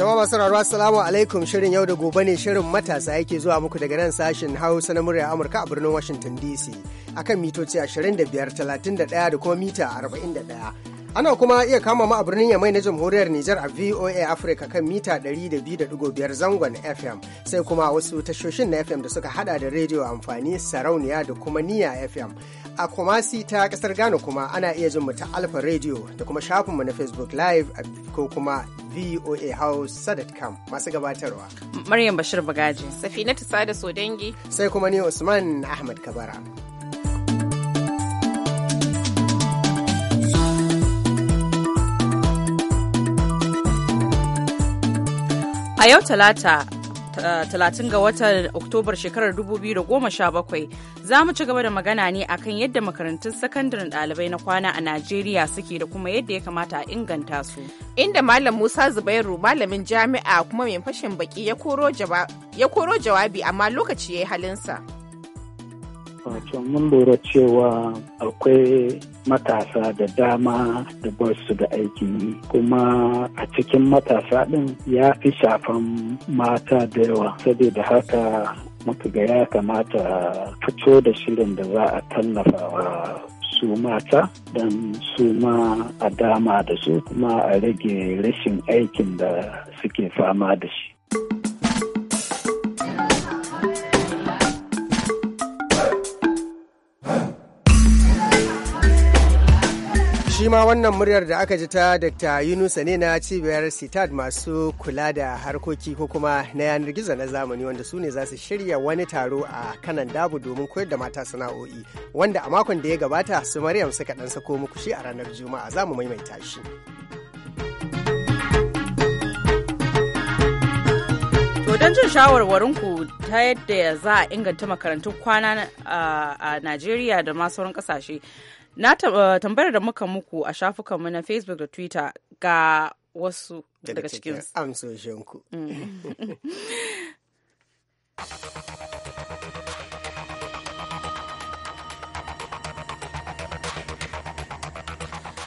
Jama'a masu salamu alaikum shirin yau da gobe ne shirin matasa yake zuwa muku daga nan sashen Hausa na murya Amurka a birnin Washington DC akan mitoci 25, 31 da kuma mita 41. Ana kuma iya kama mu a birnin Yamai na Jamhuriyar Nijar a VOA Africa kan mita biyar zangon FM sai kuma wasu tashoshin na FM da suka hada da rediyo amfani sarauniya da kuma niya FM. A Kumasi ta kasar Ghana kuma ana iya jin mu ta Alfa rediyo da kuma mu na Facebook Live ko kuma VOA Hausa.com masu gabatarwa. Maryam Bashir Bagaji. Safinatu Sada Sodangi. Sai kuma ni Usman Ahmad Kabara. A yau Talata, talatin ga watan Oktobar shekarar 2017 za mu ci gaba da magana ne akan yadda makarantun sakandaren ɗalibai na kwana a Najeriya suke da kuma yadda ya kamata a inganta su. Inda Malam Musa Zubairu malamin jami'a kuma mai fashin baki ya koro jawabi amma lokaci ya yi halinsa. Wato mun lura cewa akwai matasa da dama da ba su da aiki kuma a cikin matasa ɗin ya fi shafan mata da yawa saboda haka muka ga ya kamata fito da shirin da za a tallafa wa su mata don su ma a dama da su kuma a rage rashin aikin da suke fama da shi. ma wannan muryar da aka ji ta Dr. Yunusa ne na cibiyar sitad masu kula da harkoki ko kuma na yanar gizo na zamani wanda su ne za su shirya wani taro a kanan dabu domin koyar da mata sana'o'i wanda a makon da ya gabata su Maryam suka dan sako muku shi a ranar Juma'a za mu maimaita shi. don jin shawarwarinku ta yadda za a inganta makarantun kwana a Najeriya da ma sauran kasashe na eh, tambayar da muka muku a shafukanmu na facebook da twitter ga wasu daga cikin amsoshinku mm.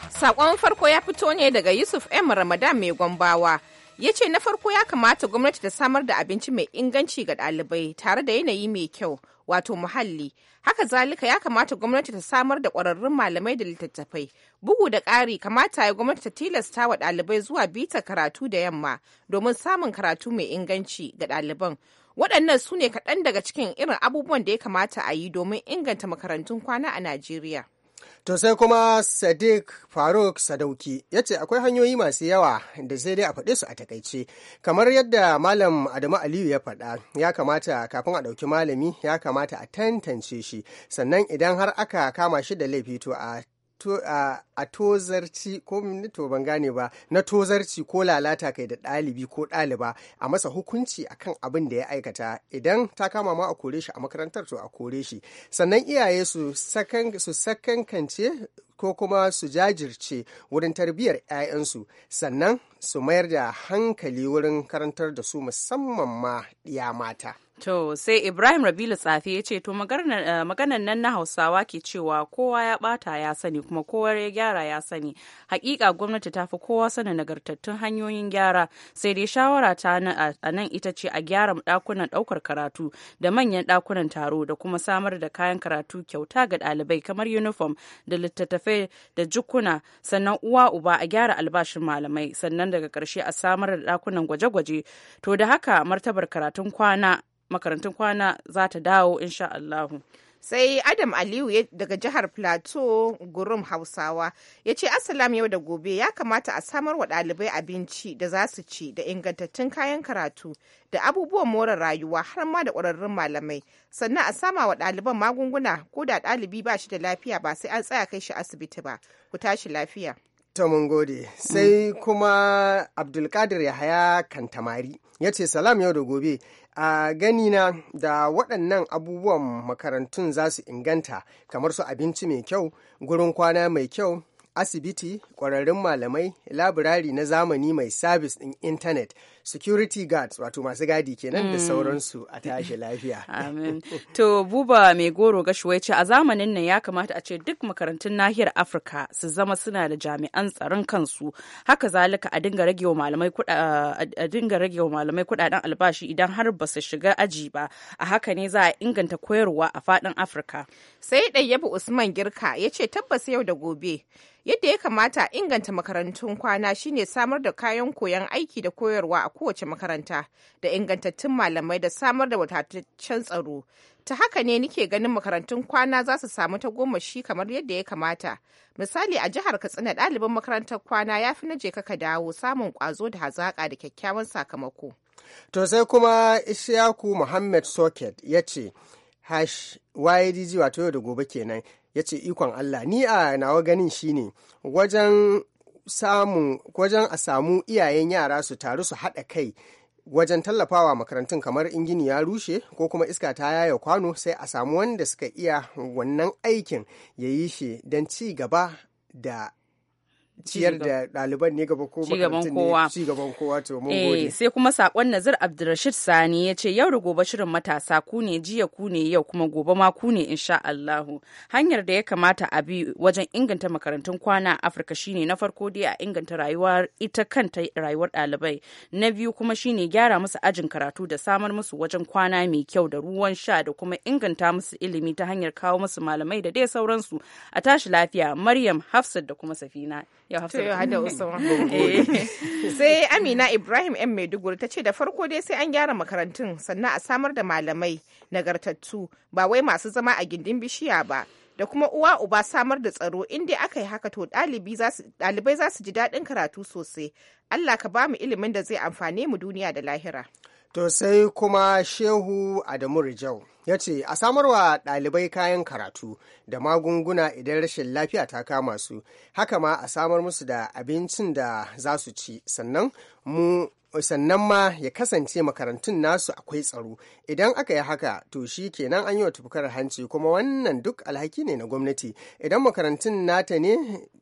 Sakon farko ya fito ne daga Yusuf M. Ramadan mai gombawa. Ya ce na farko ya kamata gwamnati ta samar da abinci mai inganci ga ɗalibai tare da yanayi mai kyau. wato muhalli haka zalika ya kamata gwamnati ta samar da ƙwararrun malamai da littattafai bugu da ƙari kamata ya gwamnati ta tilasta wa ɗalibai zuwa bita karatu da yamma domin samun karatu mai inganci ga ɗaliban waɗannan su ne kaɗan daga cikin irin abubuwan da ya kamata a yi domin inganta makarantun kwana a najeriya To sai kuma Sadiq Faruk Sadauki ya ce akwai hanyoyi masu yawa da sai dai a faɗe su a takaice. Kamar yadda Malam Adamu Aliyu ya faɗa, ya kamata kafin a ɗauki malami ya kamata a tantance shi. Sannan idan har aka kama shi da laifi to a a tozarci ko to ban gane ba na tozarci ko lalata kai da ɗalibi ko ɗaliba a masa hukunci akan abin da ya aikata idan ta kama ma a kore shi a makarantar to a kore shi sannan iyaye su sakankance ko kuma su jajirce wurin tarbiyyar 'ya'yansu sannan su mayar da hankali wurin karantar da su musamman ma ɗiya mata. To sai Ibrahim Rabilu Tsafi ya ce to eh, maganan nan na Hausawa ke cewa kowa ya bata ya sani kuma kowa ya gyara ya sani. Hakika gwamnati ta fi kowa sanin nagartattun hanyoyin gyara sai dai shawara ta a nan ita ce a gyara ɗakunan ɗaukar karatu da manyan ɗakunan taro da kuma samar da kayan karatu kyauta ga ɗalibai kamar uniform da littattafai kudade da jukuna sannan uwa uba a gyara albashin malamai sannan daga ƙarshe a samar da ɗakunan gwaje-gwaje to da haka martabar karatun kwana makarantun kwana za ta dawo insha Allahu. sai adam aliyu daga jihar plateau gurum hausawa ya ce asalam yau da gobe ya kamata a samar wa dalibai abinci da za su ci da ingantattun kayan karatu da abubuwan more rayuwa har ma da ƙwararrun malamai sannan a sama wa ɗaliban magunguna ko da ɗalibi ba shi da lafiya ba sai an tsaya kai shi asibiti ba ku tashi lafiya Ta mun gode. Sai kuma Abdulkadir Yahaya Kantamari ya ce salam yau da gobe. A ganina da waɗannan abubuwan makarantun za su inganta kamar su abinci mai kyau, gurin kwana mai kyau, asibiti, ƙwararrun malamai, labirari na zamani mai sabis ɗin intanet security guards wato masu gadi kenan da mm. sauransu a tashi lafiya amin to buba mai goro ga ce a zamanin nan ya kamata a ce duk makarantun nahiyar afirka su zama suna da jami'an tsaron kansu haka zalika a dinga rage wa malamai a dinga rage wa malamai kudaden albashi idan har ba su shiga aji ba a haka ne za a inganta koyarwa a faɗin afirka sai ɗayyabu usman girka ya ce tabbas yau da gobe yadda ya kamata inganta makarantun kwana shine samar da kayan koyon aiki da koyarwa a kowace makaranta da ingantattun malamai da samar da wadataccen tsaro ta haka ne nike ganin makarantun kwana za su samu ta goma shi kamar yadda ya kamata misali a jihar katsina ɗalibin makarantar kwana ya fi na je ka dawo samun kwazo da hazaƙa da kyakkyawan sakamako to sai kuma ishaku muhammad soket ya ce hash ydg wato yau da gobe kenan ya ce ikon allah ni a nawa ganin shine wajen samu wajen a samu iyayen yara su taru su haɗa kai wajen tallafawa makarantun kamar ingini ya rushe ko kuma iska ta yaya kwano sai a samu wanda suka iya wannan aikin ya yi shi don ci gaba da ciyar da ɗaliban ne gaba ko makarantun ne ci gaban kowa to mun eh, gode. sai kuma sakon Nazir Abdulrashid Sani ya ce yau da gobe shirin matasa ku ne jiya ku ne yau kuma gobe ma ku ne insha Allahu. Hanyar da ya kamata a bi wajen inganta makarantun kwana a Afirka shine na farko dai a inganta rayuwar ita kanta rayuwar ɗalibai. Na biyu kuma shine gyara musu ajin karatu da samar musu wajen kwana mai kyau da ruwan sha da kuma inganta musu ilimi ta hanyar kawo musu malamai da dai sauransu. A tashi lafiya Maryam Hafsat da kuma Safina. ya hada eh. sai amina ibrahim m maiduguri ta ce da farko dai sai an gyara makarantun sannan a samar da malamai nagartattu ba wai masu zama a gindin bishiya ba da kuma uwa uba samar da tsaro inda aka yi haka to ɗalibai za su ji daɗin karatu sosai allah ka ba mu ilimin da zai amfane mu duniya da lahira To sai kuma Shehu Adamu Rijau ya ce a samarwa ɗalibai kayan karatu da magunguna idan rashin lafiya ta kama su, haka ma a samar musu da abincin da za su ci sannan mu sannan ma ya kasance makarantun nasu akwai tsaro idan aka yi haka to shi kenan an yi wa tufkar hanci kuma wannan duk alhaki ne na gwamnati idan makarantun nata ne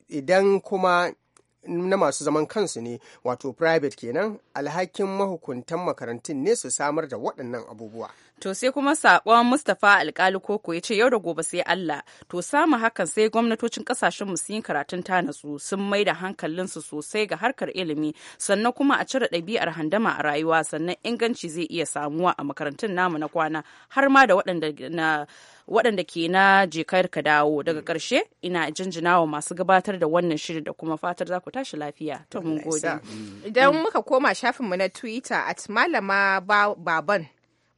idan kuma na masu zaman kansu ne wato private kenan alhakin mahukuntan makarantun ne su samar da waɗannan abubuwa To sai kuma saƙon Mustapha Alƙali Koko ya ce yau da gobe sai Allah. To samu hakan sai gwamnatocin ƙasashen mu sun yi karatun ta natsu sun mai da hankalinsu sosai ga harkar ilimi sannan kuma a cire ɗabi'ar handama a rayuwa sannan inganci zai iya samuwa a makarantun namu na kwana har ma da waɗanda na waɗanda ke na jikar ka dawo daga ƙarshe ina jinjina wa masu gabatar da wannan shirin da kuma fatar za ku tashi lafiya ta mun gode idan muka koma shafinmu na twitter at malama baban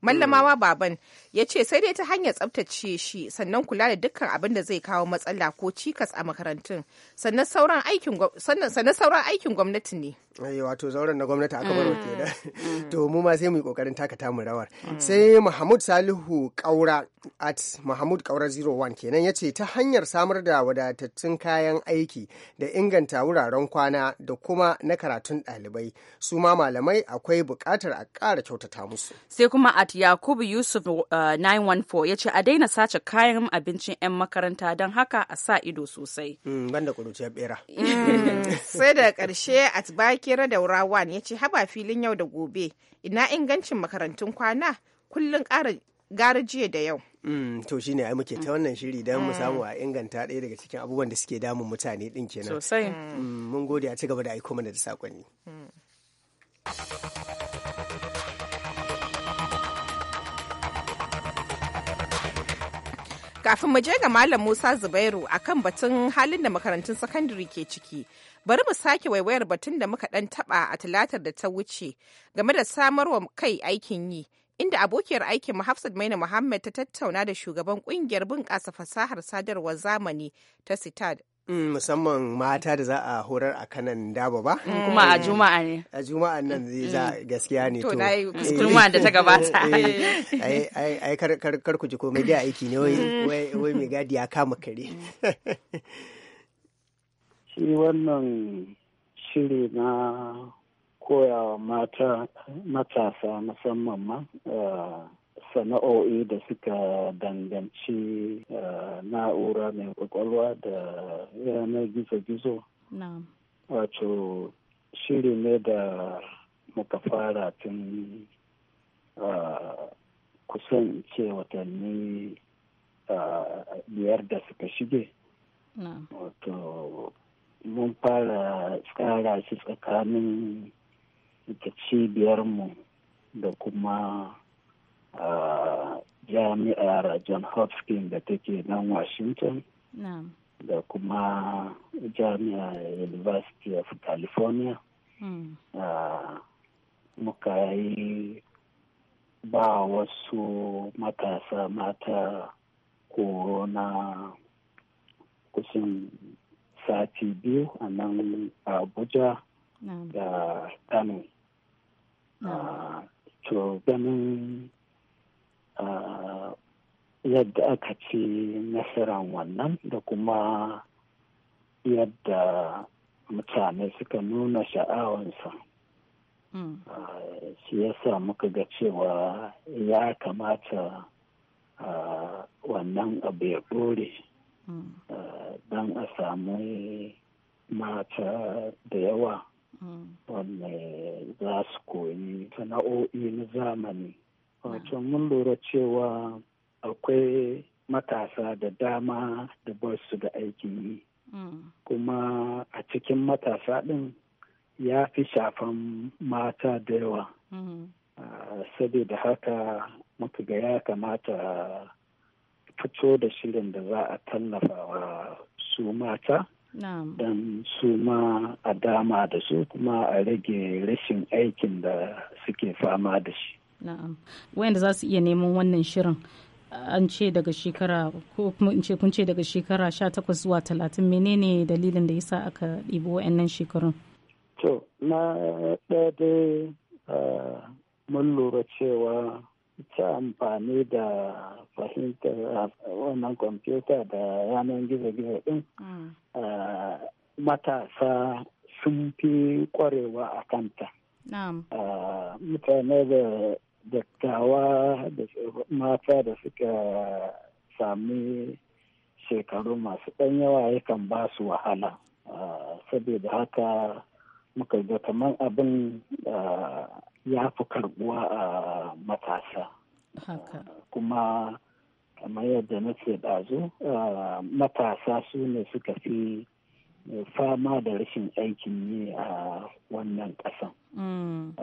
mallamawa mm. baban ya ce sai dai ta hanyar tsabtace shi sannan kula da dukkan abin da zai kawo matsala ko cikas a makarantun sannan sauran aikin gwamnati ne eh, wato zauren na gwamnati aka baro da mm. mm. to mu ma sai mu yi kokarin taka tamu rawar mm. sai Muhammad Salihu Kaura at Muhammad Kaura 01 kenan ya ce ta hanyar samar da wadatattun kayan aiki da inganta wuraren kwana da kuma na karatun ɗalibai su ma malamai akwai bukatar a ƙara kyautata musu sai kuma at Yakubu Yusuf uh, 914 ya ce a daina sace kayan abincin 'yan makaranta don haka a sa ido sosai. Mm, Banda kuruciyar bera. Mm. Sai da ƙarshe Atbakira da Rawan ya ce haba filin yau da gobe ina ingancin makarantun kwana kullum ƙara gara jiya da yau. Mm, to shi ne ai muke ta wannan shiri don mu samu a inganta ɗaya daga cikin abubuwan da suke damun mutane ɗin kenan. Sosai. Mun gode a ci gaba da aiko mana da saƙonni. Kafin mu je ga Malam Musa Zubairu a kan batun halin da makarantun sakandare ke ciki, bari mu sake waiwayar batun da muka ɗan taɓa a talatar da ta wuce game da samarwa kai aikin yi. inda abokiyar aikin Hafsat Maina Muhammad ta tattauna da shugaban kungiyar bunƙasa fasahar sadarwar zamani ta Sitad Mm, musamman mata da za a horar a kanan daba ba kuma a juma'a ne a juma'a nan zai za mm. gaskiya ne to na yi eh. kuskurma da ta gabata eh. ai kar ku ji komai da aiki ne mm. wai mai gadi ya kama kare shi wannan shiri na koyawa mata matasa musamman ma eh, sana'o'i da suka danganci eh, na'ura mai kwakwalwa da yanar gizo-gizo wato shiri ne da muka fara tun eh, kusan ce watanni eh, biyar da suka shige wato mun fara tsara shi tsakanin ita mu da kuma jami'ar john hopkins da take nan washington da kuma jami'ar university of california hmm. muka yi ba wasu matasa mata koro na kusan sati biyu a nan abuja da kano to ganin yadda aka ci nasarar wannan da kuma yadda mutane suka nuna sha'awansa hmm. shi yasa muka ga cewa ya kamata wannan abu ya ɗore hmm. don a samu mata da yawa hmm. wanda za su koyi sana'o'i na zamani Ah. wato mun lura cewa akwai matasa da dama da ba su da aikin yi hmm. kuma a cikin matasa ɗin ya fi shafan mata da yawa hmm. ah, saboda haka muka ga ya kamata fito da shirin da za a tallafa wa su mata don su ma a dama da su kuma a rage rashin aikin da suke fama da shi na'am wayanda za su iya neman wannan shirin an ce daga shekara ko kuma in ce kun ce daga shekara sha 18 zuwa 30 menene dalilin da yasa aka ɗibo wayannan shekarun to na ɗaya dai mun lura cewa ta amfani da fahimtar wannan kwamfuta da yanar gizo-gizo ɗin mm. matasa sun fi kwarewa a kanta mutane da dattawa da mata da suka sami shekaru masu ɗan yawa yakan ba su wahala ah, saboda haka muka ga kamar abin ah, ya fi karbuwa a matasa ah, kuma kamar yadda na ce dazu matasa su ne suka fi fama da rashin aikin yi a wannan ƙasan. Mm.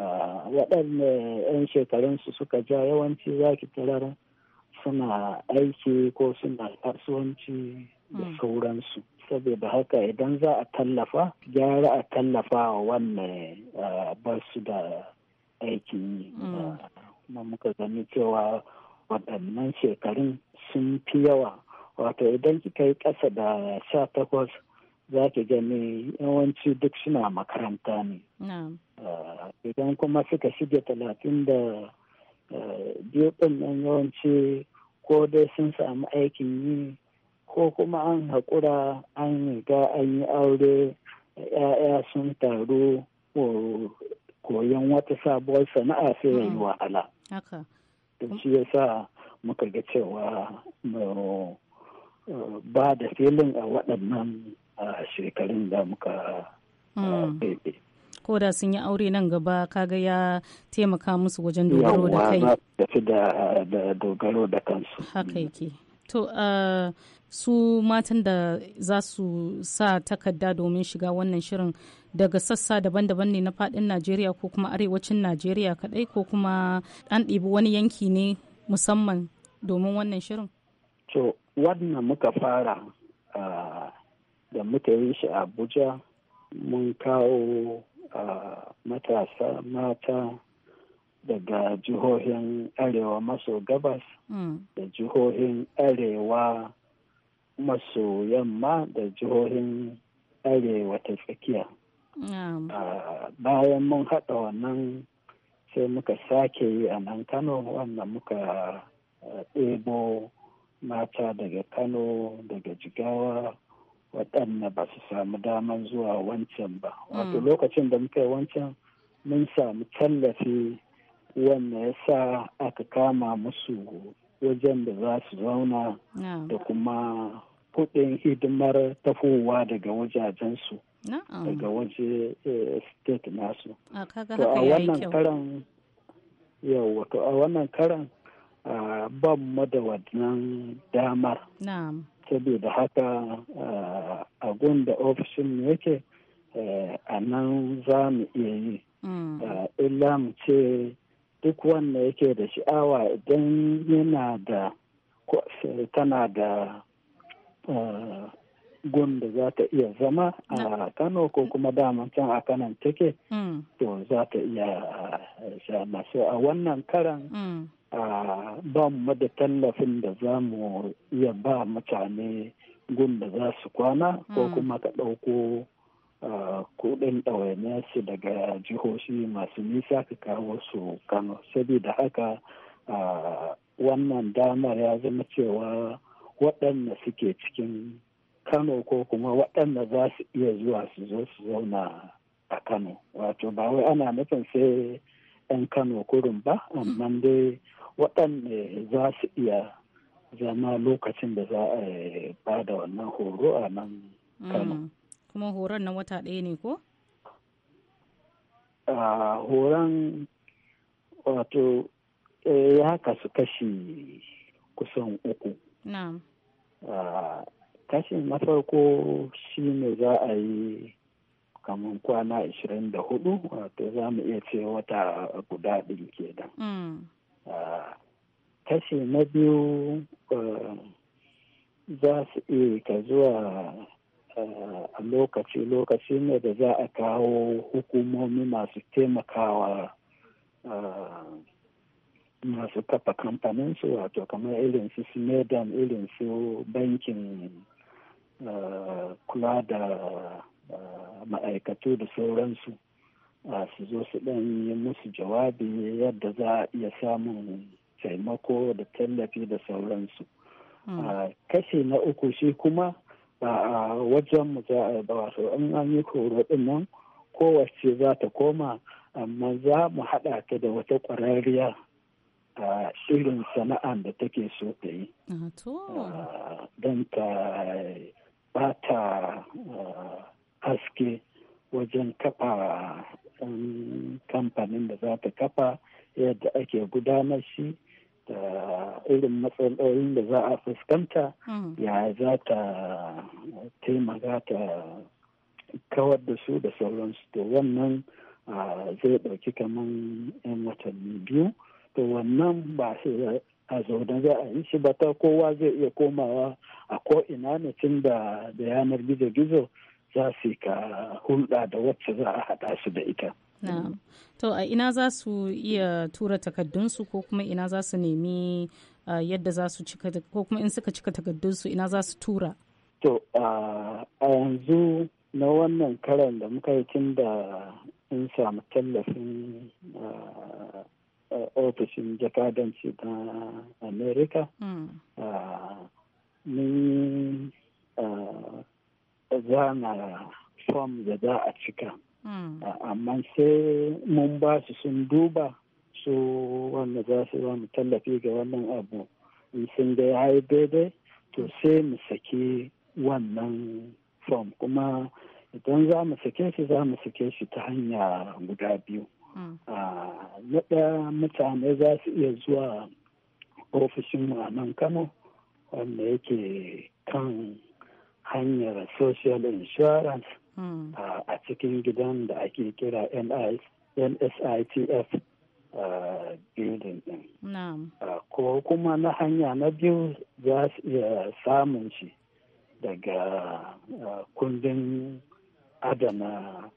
waɗanda 'yan shekarunsu suka ja yawanci za ki tarara suna aiki ko suna kasuwanci da mm. sauransu. saboda haka idan za a tallafa gyara a tallafa wa wannan ba da aikin yi. Mm. Kuma muka gani cewa waɗannan shekarun sun fi yawa. Wato idan kika yi ƙasa da sha takwas za ki gani yawanci duk suna makaranta ne eh, idan kuma suka shige talatin da eh, biyu ɗin yawanci ko dai sun samu aikin yi ko kuma an haƙura an riga an yi aure ‘ya'ya sun taru koyon wata sabuwar sana'a sai yi wahala. shi ya sa muka ga cewa eh, ba da filin a waɗannan a shekarun da muka bebe. Hmm. Ko da sun yi aure nan gaba kaga ya taimaka musu wajen dogaro da kai. Yawwa tafi da dogaro da kansu. Haka hmm. yake. To su matan da za su sa takarda domin shiga wannan shirin daga sassa daban-daban ne na faɗin Najeriya ko kuma arewacin Najeriya kadai ko kuma an ɗibi wani yanki ne musamman domin wannan shirin? To, wannan muka fara da muka yi shi a abuja mun kawo a matasa mata daga jihohin arewa maso gabas hmm. da jihohin arewa maso yamma da jihohin arewa ta tsakiya bayan mun haɗa wannan sai muka sake yi a nan kano wannan muka ɗebo mata daga kano daga jigawa waɗanda ba su samu daman zuwa wancan ba mm. wato lokacin da muka yi wancan mun samu tallafi wanda ya sa aka kama musu wajen da za su zauna da kuma kuɗin hidimar tafowa daga wajajensu daga waje eh, state nasu ah, to a wannan karan yau ah, to a wannan karan ban mu da wannan damar saboda haka eh, a da ofishin yake eh, a nan za mu iya yi mm. eh, illa mu ce duk wanda yake da sha'awa idan yana da tana da gun da za ta iya zama a kano ko kuma daman can a kanan take mm. to za ta iya zama so a wannan karan mm. ba mu da tallafin da za mu iya ba mutane gun da za su kwana ko hmm. kuma ka ɗauko kuɗin su daga jihohi masu nisa ka kawo su kano saboda haka wannan damar ya zama cewa waɗanda suke cikin kano ko kuma waɗanda za su iya zuwa su zo su zauna a kano wato ba wai ana nufin sai 'yan kano kurin ba amma dai waɗanne za su iya zama lokacin da za a eh, ba da wannan horo a nan kano mm. kuma horon na wata ɗaya ne ko? horon wato eh, ya kasu kashi kusan uku kashin na farko shi ne za a yi kamar kwana 24 wato za mu iya ce wata guda ɗin kenan. Mm. kashi na biyu za su iya ta zuwa a lokaci-lokaci ne da za a kawo hukumomi masu taimakawa masu kafa su wato kamar irin su smedan irin su bankin kula da ma'aikatu da sauransu su zo su ɗan yi musu jawabi yadda za a iya samun taimako da tallafi da sauransu hmm. kashi na uku shi kuma a wajenmu za a ba wasu in an yi horo ɗin nan kowace za ta koma amma za mu haɗa ta da wata ƙwararriya a irin sana'an da take so ta yi don ta bata haske wajen kafa dan kamfanin da za ta kafa yadda ake gudanar shi da irin matsalolin da za a fuskanta hmm. ya za ta taimaka ta kawar da su da sauransu to wannan zai ɗauki kamar 'yan watanni biyu to wannan ba sai a zaune za a yi shi ba ta kowa zai iya komawa a ko ina ne tun da yanar gizo-gizo za su yi ka hulɗa da wacce za a haɗa su da ita. To a ina za su iya tura takardunsu ko kuma ina za su nemi yadda za su cika ko kuma in suka cika takardunsu ina za su tura? To a yanzu na wannan karan da muka yi tun da in samu tallafin ofishin jakadanci na Amerika. Mm. Mun zana fom da za a cika hmm. amma sai mun ba su sun duba su wanda za su ba mu tallafi ga wannan abu in sun da ya yi daidai to sai mu saki wannan fom kuma idan za mu sake shi za mu sake shi ta hanya guda biyu hmm. na ɗaya mutane za su iya zuwa ofishin mu a nan kano wanda yake kan hanyar social insurance hmm. a cikin gidan da ake kira nsitf building din ko kuma na hanya na biyu za su iya samun shi daga kundin adana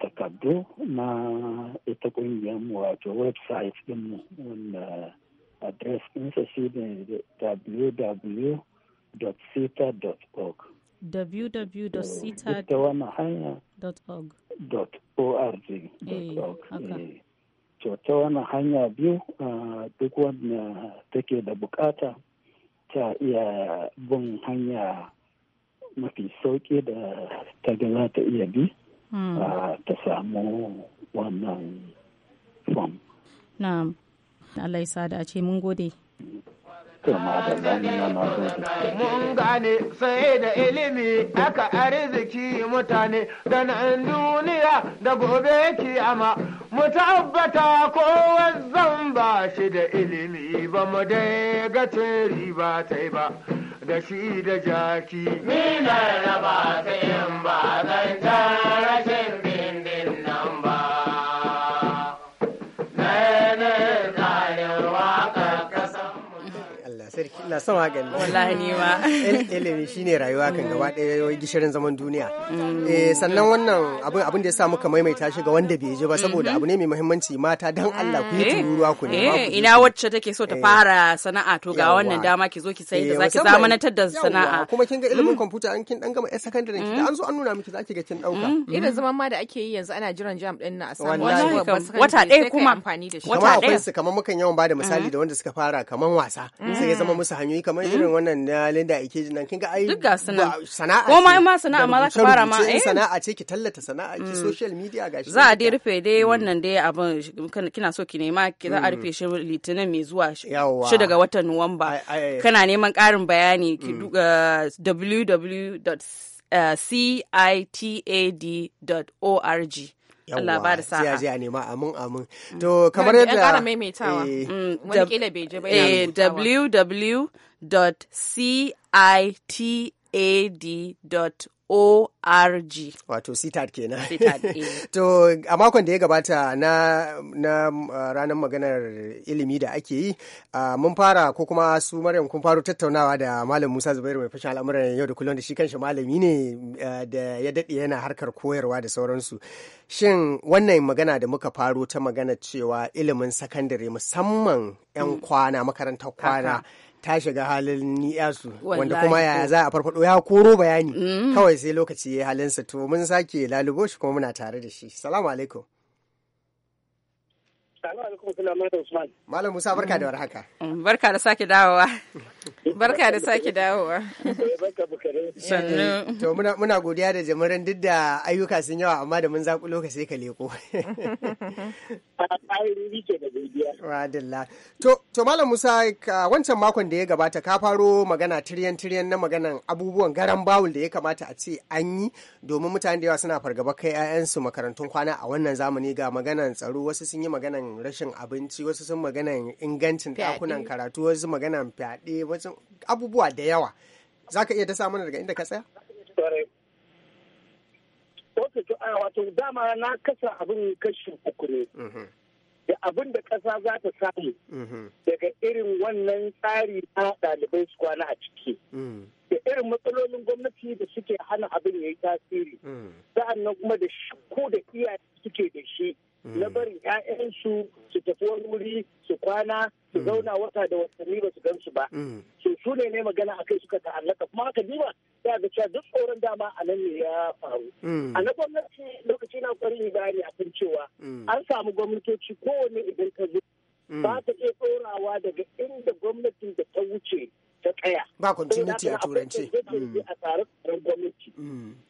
takardu na ita kungiyar wato website din wanda adres ɗinsa shi ne www www.sita.org www.sita.org .org eh, eh, to ta wani hanya biyu ah, duk wanda take da bukata ta iya bin hanya mafi sauki da ta ga ta iya bi hmm. ah, ta samu wannan fom. na alaisa da ce mun gode. Hmm. Mun gane sai da ilimi aka arziki mutane da nan duniya da gobe kiyama mu tabbata ko zan ba shi da ilimi ba mu dai ga riba ta ba da shi da jaki. Mina na ba ta yin ba zan na sama gani wallahi ni ma ilimi shine rayuwa kan gaba ɗaya gishirin zaman duniya mm. eh sannan wannan abin abin da ya sa muka maimaita shi ga wanda bai je ba saboda mm-hmm. abu ne mai muhimmanci mata dan Allah ku yi eh, tururuwa ku ne eh, ina wacce take so ta eh. fara sana'a to ga wannan dama ki zo ki sai da zaki zamanantar da sana'a kuma kin ga ilimin mm. kwamfuta an kin dan gama ɗan sakandare ki mm. an zo an nuna miki zaki ga kin dauka irin zaman ma da ake yi yanzu ana jiran jam din na a samu wata ɗaya kuma amfani wata ɗaya kamar mukan yawan bada misali da wanda suka fara kamar wasa sai ya zama musu hanyoyi kamar hmm? irin wannan na Linda Ikeji nan kin ga ai duk ga sana'a ko ma ma sana'a ma zaka fara ma eh sana'a ce ki tallata sana'a ki hmm. social media gashi za a dai rufe dai hmm. wannan dai abin kina so ki nema za a rufe shi litinin mai zuwa shi daga watan Nuwamba kana neman ƙarin bayani ki duga uh, www.citad.org uh, Allah ba da sa'a sai a je amin amin mm. to kamar yadda ya kara maimaitawa eh, mm, wani kila bai je ba eh, www.citad.org org wato citad kenan eh. to a makon da ya gabata na, na uh, ranar maganar ilimi da ake yi uh, mun fara ko kuma su maryam kun faro tattaunawa da malam musa zubairu mai fashin al'amuran yau da kullum da shi kanshi malami ne uh, da ya daɗe yana harkar koyarwa da sauransu shin wannan magana da muka faro ta magana cewa ilimin sakandare musamman 'yan mm. kwana makarantar kwana ta shiga halin ni'yasu wanda kuma ya za a farfado ya koro bayani mm. kawai sai lokaci ya sa to mun sake lalubo shi kuma muna tare da shi salamu alaikum Malam Musa barka da warhaka. Mm, barka da sake dawowa. Barka da sake dawowa. Eh, Sannu. Eh, to muna godiya da jamarin duk da ayyuka sun yawa amma da mun zaku lokaci ka leko. Ah, to Malam Musa wancan makon da ya gabata ka faro magana tiryan tiryan na maganan abubuwan garan bawul da ya kamata a ce an yi domin mutane da yawa suna fargaba kai 'ya'yansu makarantun kwana a wannan zamani ga maganan tsaro wasu sun yi maganan rashin abinci wasu sun magana ingancin dakunan karatu wasu magana fyaɗe wasu abubuwa da yawa za ka iya ta mana daga inda ka tsaya? kasa abin mhm. da abin da ƙasa za ta samu mhm. daga irin wannan tsari na ɗalibai su kwana a ciki mm. da irin matsalolin gwamnati da suke hana abin ya yi tasiri mm. sa'an nan kuma da shi ko da iyaye suke da shi na mm. bari 'ya'yansu su tafi wani wuri su kwana su mm. zauna wata da watanni ba su gansu ba mm. so su ne ne magana a kai suka ta'allaka kuma haka ba za ga cewa duk tsoron dama a nan ne ya faru a na gwamnati lokaci na kwarin bayani a kan cewa an samu gwamnatoci kowane idan ka zo ba ta iya tsorawa daga inda gwamnatin da ta wuce ta tsaya. Ba continuity a turanci. A tsare-tsaren gwamnati.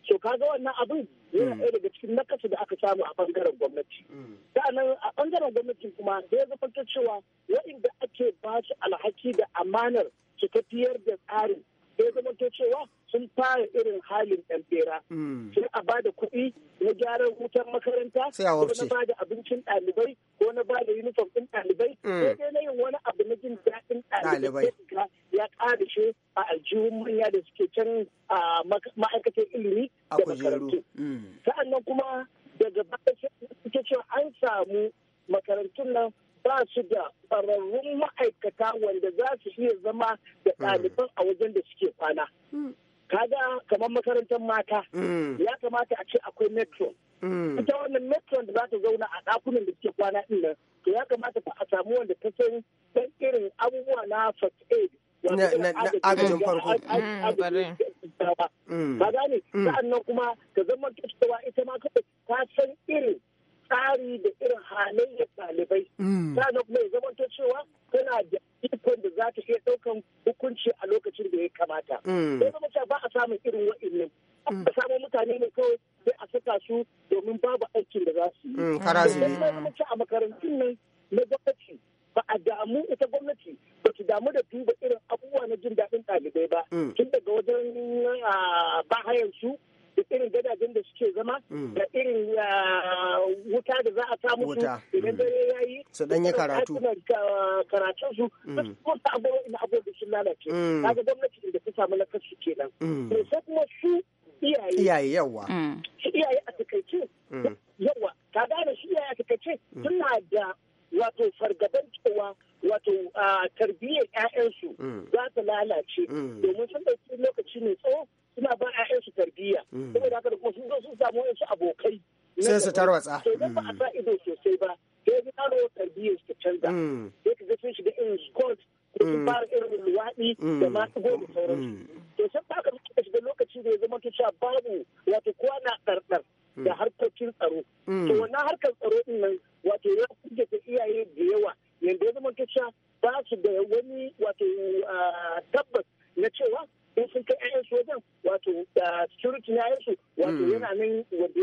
So kaga wannan abin yana ɗaya daga nakasu da aka samu a bangaren gwamnati. Mm. Sa'annan a bangaren gwamnati kuma da ya zafanta cewa waɗanda ake ba su alhaki da amanar su tafiyar da tsarin da ya zama cewa sun fara irin halin ɗan bera. Mm. Sun a ba da kuɗi na gyaran wutar makaranta, ko na ba da abincin ɗalibai, ko na ba da uniform ɗin ɗalibai, ko mm. na yin wani abu na jin daɗin ɗalibai ya ƙarishe a aljihun manya da suke can a ma'aikatar ilimi da makarantu. Mm. nan kuma daga baya suke cewa an samu makarantun nan ba su da ƙwararrun ma'aikata wanda za su iya zama da mm. ɗaliban a wajen da suke kwana. Mm. Kaga kamar makarantar mata ya kamata a ce akwai metro. Ita wannan metro da za ta zauna a ɗakunan da suke kwana ɗin nan to ya kamata a samu wanda ta san ɗan irin abubuwa na first aid na agajin farko mm, ba mm, gane mm. sa'annan kuma ka zama cewa ita ma kawai ta san irin tsari da irin halayya ɗalibai sa'annan kuma ya zama cewa tana da ikon da za ta iya ɗaukan hukunci a lokacin da ya kamata ya zama cewa ba a samun irin wa'innan a samu mutane ne kawai sai a saka su domin babu aikin da za su yi. Karazi. a makarantun nan na gwamnati ba a damu ita gwamnati ba su damu da duba irin abubuwa na jin daɗin ɗalibai ba mm. tun daga wajen bahayan su da irin gadajen da suke zama mm. da irin wuta da za a samu su idan mm. dare ya yi su dan ya karatu karatun su su kuma ta abubuwa ina abubuwa da sun lalace kaga gwamnati da ta samu lakarsu kenan sai kuma su iyaye iyaye yawa Su iyaye a takaice yawa ka gane shi iyaye a takaice suna da wato fargaban cewa wato a tarbiyyar 'ya'yansu mm. za ta lalace mm. domin sun ɗauki lokaci mai tsawo suna ba 'ya'yansu tarbiyya mm. saboda haka da kuma sun zo sun samu wasu abokai sai su tarwatsa sai ba a sa ido sosai ba sai ga tsaro tarbiyyar su canza sai ka ga sun shiga irin sport ko sun fara irin luwaɗi da masu gobe sauransu to sun ka suka shiga lokaci da ya zama ta cewa babu wato kowa na ɗarɗar da harkokin tsaro to wannan harkar tsaro din nan zuciya ba su da wani wato tabbas na cewa in sun kai ayyar sojan wato security na yansu wato hmm. yana nan yadda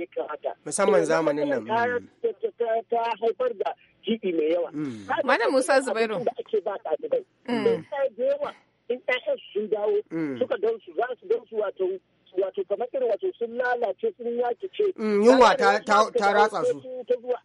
ya kamata. Musamman zamanin nan. Ta haifar da jibi mai yawa. Hmm. Mana Musa Zubairu. Da ake ba ɗalibai. Hmm. Da yawa in ayyar sun dawo suka don su za su don su wato wato kamar irin wato sun lalace sun yaki ce. Yunwa ta ratsa su. Ta zuwa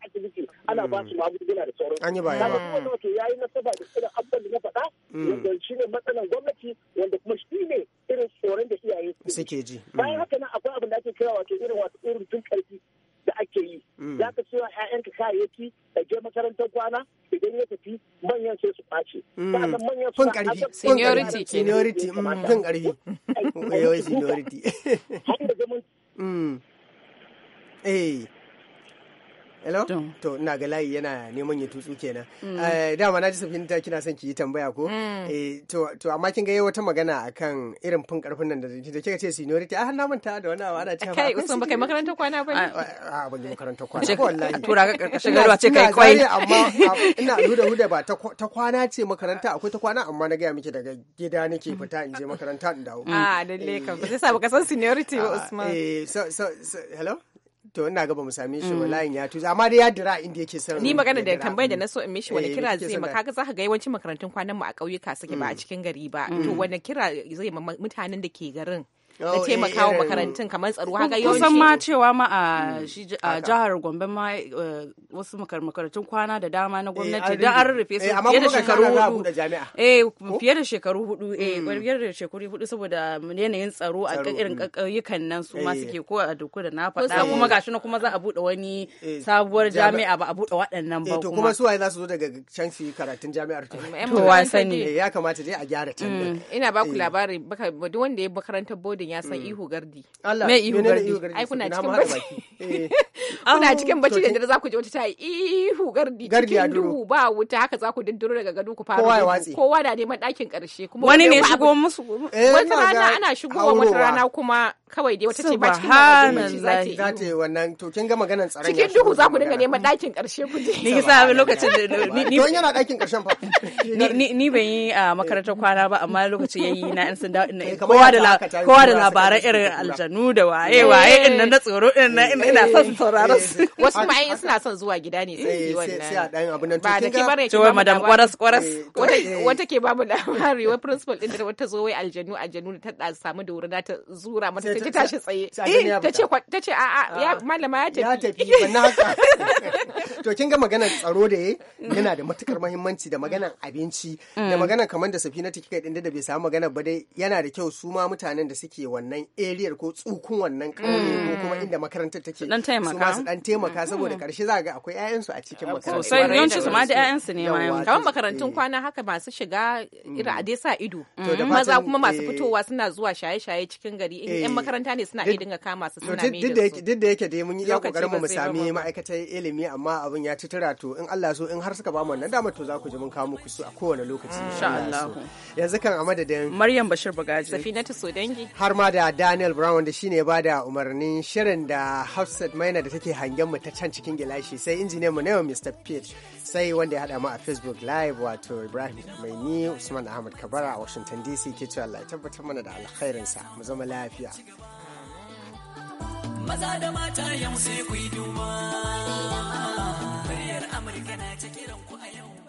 ana ba su magunguna da sauransu. An yi baya. ba. kuma wato ya yi nasaba da irin abubuwan da na faɗa. Wanda shi ne matsalan gwamnati wanda kuma shi ne irin tsoron da iyaye suke ji. Bayan haka nan akwai abin da ake kira wato irin wato irin tun ƙarfi da ake yi. Za ka siya ‘ya'yanka kayayyaki da je makarantar kwana idan ya tafi manyan sai su ɓace. Sa'annan manyan su ƙarfi. Seniority. Seniority. fun ƙarfi. Yawai seniority. Har da zaman. Eh. hello to ina ga layi yana neman ya tutsu kenan mm. eh, dama na ji ta kina son ki yi tambaya ko mm. eh, to amma kin ga wata magana akan irin fin karfin nan da kika ce seniority ah, a hannun manta da wani ana cewa kai usan baka makaranta kwana ba ne ah, ah, a ban makaranta kwana ko wallahi tura ga karkashin garwa ce kai kwai amma ina huda huda ba ta kwana ce makaranta akwai ta kwana amma na gaya miki daga gida nake mm. fita in je makaranta in dawo a lalle kam sai eh. sa baka san seniority ba Usman eh so so hello to ina ga bamu same shi wallahi mm. ya tuza amma dai ya dira inda yake sarrafa ni magana da tambayar da na so in mishi wani eh, kira zai ma kaga zaka ga yawancin makarantun kwanan mu a ƙauyuka suke ba a mm. cikin gari ba mm. to wani kira zai ma mutanen da ke garin da oh, taimaka eh, wa makarantun kamar tsaro haka yawanci kusan ma cewa ma a mm. jihar Gombe ma eh, wasu makarantun kwana da dama na gwamnati eh, da an rufe su fiye da shekaru hudu eh fiye da shekaru hudu eh fiye da shekaru hudu saboda yanayin tsaro a irin mm. ƙauyukan nan su ma suke ko a duku da na faɗa kuma gashi na kuma za a bude wani sabuwar jami'a ba a bude waɗannan ba kuma kuma suwaye za su zo daga can su yi karatun jami'ar to wa sani ya kamata dai a gyara can mm. ina ba ku labari duk wanda ya makarantar bodin ya san mm. ihu gardi me ihu gardi ai kuna eh. cikin bacci kuna cikin bacci da dare za ku ji wata ta ihu gardi cikin duhu ba wuta haka za ku dindiro daga gado ku fara kowa da neman ɗakin ƙarshe kuma wani ne shigo musu eh, wata rana ana shigowa wata rana kuma kawai dai wata ce ba cikin za ta yi wannan to kin ga maganar tsaron cikin duhu za ku dinga neman ɗakin ƙarshe ku je ni sa lokacin ni don yana ɗakin ƙarshen fa ni ban yi a ah, makarantar kwana ba amma lokacin yayi na in sanda eh, kowa da kowa da da labaran irin aljanu da waye waye eh. in na tsoro in ina son sauraron eh. su wasu ma suna son zuwa gida ne sai yi eh, wannan sai a dan nan ba da ke bare ki ba madam kwaras kwaras wata ke babu labari wai principal din da wata zo wai aljanu aljanu ta da samu da wurin ta zura mata ta tashi tsaye ta ce ta ce a a ah, malama ya tafi ya tafi haka to kin ga maganar tsaro da yana da matukar muhimmanci da maganar abinci da mm. maganar kamar da safina take kai din da bai samu magana ba dai yana da kyau su ma mutanen da suke suke wannan eriyar ko tsukun wannan ƙauye ko mm. kuma inda makarantar take su ma su dan taimaka mm. saboda karshe za ga akwai su a cikin makarantar sosai yawanci su ma da su ne ma kamar makarantun eh. kwana haka masu shiga mm. ira a dai sa ido maza kuma masu eh, fitowa suna zuwa shaye-shaye cikin gari in ƴan eh. makaranta ne suna iya dinga kama su suna mai da su duk da yake dai mun yi ya kokarin mu sami ma'aikatan ilimi amma abin ya ci tura to in Allah so in har suka ba mu wannan dama to za ku ji mun kawo muku su a kowane lokaci insha Allah yanzu kan a madadin Maryam Bashir Bagaji Safinatu Sodangi har har ma da Daniel Brown wanda shine ba da umarnin shirin da Hafsat Maina da take hangen mu ta can cikin gilashi sai injiniyan mu yau Mr. Pete sai wanda ya hada mu a Facebook Live wato Ibrahim mai ni Usman Ahmad Kabara a Washington DC ke cewa Allah ya tabbatar mana da alkhairinsa mu zama lafiya. Maza da mata yau sai ku yi duba. Amurka na ta kiran ku a yau.